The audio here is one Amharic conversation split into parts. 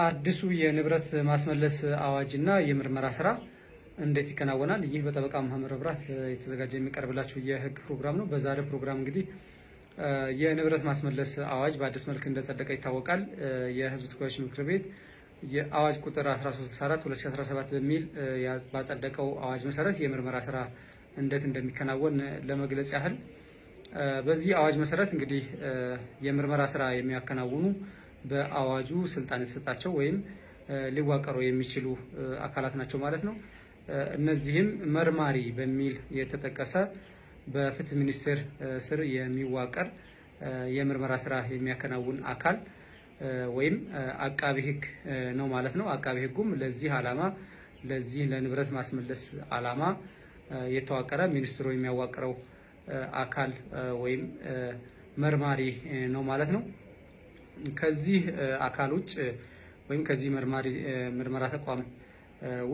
አዲሱ የንብረት ማስመለስ አዋጅና የምርመራ ስራ እንዴት ይከናወናል? ይህ በጠበቃ መሀመድ መብራት የተዘጋጀ የሚቀርብላችሁ የህግ ፕሮግራም ነው። በዛሬ ፕሮግራም እንግዲህ የንብረት ማስመለስ አዋጅ በአዲስ መልክ እንደጸደቀ ይታወቃል። የህዝብ ተወካዮች ምክር ቤት የአዋጅ ቁጥር 13 2017 በሚል ባጸደቀው አዋጅ መሰረት የምርመራ ስራ እንዴት እንደሚከናወን ለመግለጽ ያህል በዚህ አዋጅ መሰረት እንግዲህ የምርመራ ስራ የሚያከናውኑ በአዋጁ ስልጣን የተሰጣቸው ወይም ሊዋቀሩ የሚችሉ አካላት ናቸው ማለት ነው። እነዚህም መርማሪ በሚል የተጠቀሰ በፍትህ ሚኒስቴር ስር የሚዋቀር የምርመራ ስራ የሚያከናውን አካል ወይም አቃቢ ህግ ነው ማለት ነው። አቃቢ ህጉም ለዚህ አላማ ለዚህ ለንብረት ማስመለስ አላማ የተዋቀረ ሚኒስትሩ የሚያዋቅረው አካል ወይም መርማሪ ነው ማለት ነው። ከዚህ አካል ውጭ ወይም ከዚህ ምርመራ ተቋም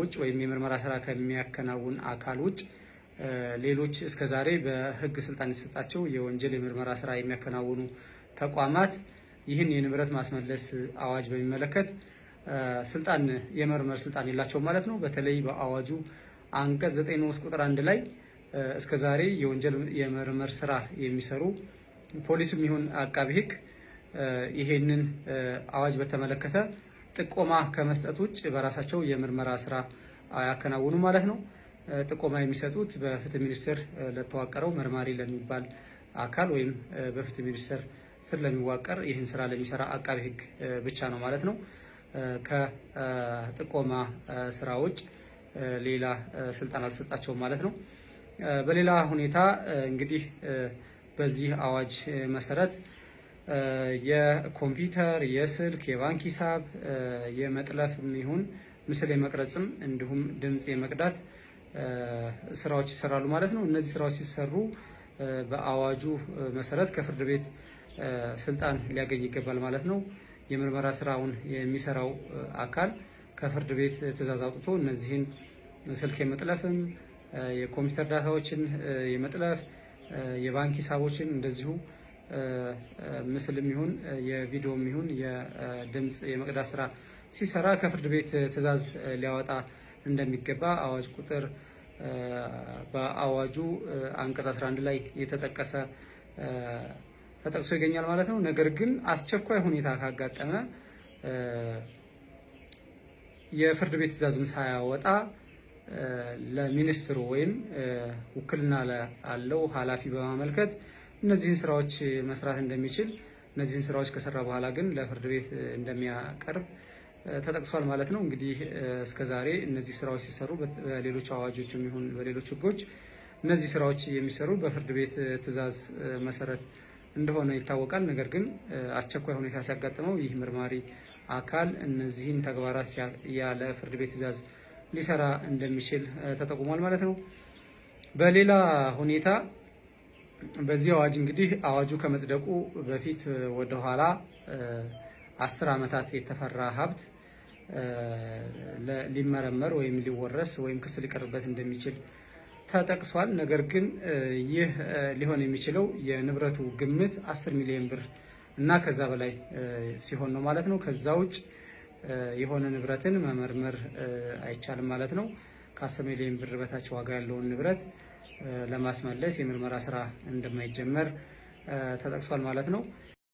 ውጭ ወይም የምርመራ ስራ ከሚያከናውን አካል ውጭ ሌሎች እስከዛሬ በህግ ስልጣን የተሰጣቸው የወንጀል የምርመራ ስራ የሚያከናውኑ ተቋማት ይህን የንብረት ማስመለስ አዋጅ በሚመለከት ስልጣን የመርመር ስልጣን የላቸው ማለት ነው። በተለይ በአዋጁ አንቀጽ ዘጠኝ ንዑስ ቁጥር አንድ ላይ እስከዛሬ የወንጀል የምርመር ስራ የሚሰሩ ፖሊስም ይሁን አቃቢ ህግ። ይሄንን አዋጅ በተመለከተ ጥቆማ ከመስጠት ውጭ በራሳቸው የምርመራ ስራ አያከናውኑ ማለት ነው። ጥቆማ የሚሰጡት በፍትህ ሚኒስቴር ለተዋቀረው መርማሪ ለሚባል አካል ወይም በፍትህ ሚኒስቴር ስር ለሚዋቀር ይህን ስራ ለሚሰራ አቃቢ ህግ ብቻ ነው ማለት ነው። ከጥቆማ ስራ ውጭ ሌላ ስልጣን አልተሰጣቸውም ማለት ነው። በሌላ ሁኔታ እንግዲህ በዚህ አዋጅ መሰረት የኮምፒውተር፣ የስልክ፣ የባንክ ሂሳብ የመጥለፍ ይሁን ምስል የመቅረጽም እንዲሁም ድምፅ የመቅዳት ስራዎች ይሰራሉ ማለት ነው። እነዚህ ስራዎች ሲሰሩ በአዋጁ መሰረት ከፍርድ ቤት ስልጣን ሊያገኝ ይገባል ማለት ነው። የምርመራ ስራውን የሚሰራው አካል ከፍርድ ቤት ትዕዛዝ አውጥቶ እነዚህን ስልክ የመጥለፍም የኮምፒውተር ዳታዎችን የመጥለፍ የባንክ ሂሳቦችን እንደዚሁ ምስልም ይሁን የቪዲዮም ይሁን የድምፅ የመቅዳት ስራ ሲሰራ ከፍርድ ቤት ትዕዛዝ ሊያወጣ እንደሚገባ አዋጅ ቁጥር በአዋጁ አንቀጽ 11 ላይ የተጠቀሰ ተጠቅሶ ይገኛል ማለት ነው። ነገር ግን አስቸኳይ ሁኔታ ካጋጠመ የፍርድ ቤት ትዕዛዝም ሳያወጣ ለሚኒስትሩ ወይም ውክልና አለው ኃላፊ በማመልከት እነዚህን ስራዎች መስራት እንደሚችል እነዚህን ስራዎች ከሰራ በኋላ ግን ለፍርድ ቤት እንደሚያቀርብ ተጠቅሷል ማለት ነው። እንግዲህ እስከዛሬ እነዚህ ስራዎች ሲሰሩ በሌሎች አዋጆች የሚሆን በሌሎች ህጎች እነዚህ ስራዎች የሚሰሩ በፍርድ ቤት ትዕዛዝ መሰረት እንደሆነ ይታወቃል። ነገር ግን አስቸኳይ ሁኔታ ሲያጋጥመው ይህ ምርማሪ አካል እነዚህን ተግባራት ያለ ፍርድ ቤት ትዕዛዝ ሊሰራ እንደሚችል ተጠቁሟል ማለት ነው። በሌላ ሁኔታ በዚህ አዋጅ እንግዲህ አዋጁ ከመጽደቁ በፊት ወደኋላ አስር ዓመታት የተፈራ ሀብት ሊመረመር ወይም ሊወረስ ወይም ክስ ሊቀርብበት እንደሚችል ተጠቅሷል። ነገር ግን ይህ ሊሆን የሚችለው የንብረቱ ግምት አስር ሚሊዮን ብር እና ከዛ በላይ ሲሆን ነው ማለት ነው። ከዛ ውጭ የሆነ ንብረትን መመርመር አይቻልም ማለት ነው። ከአስር ሚሊዮን ብር በታች ዋጋ ያለውን ንብረት ለማስመለስ የምርመራ ስራ እንደማይጀመር ተጠቅሷል ማለት ነው።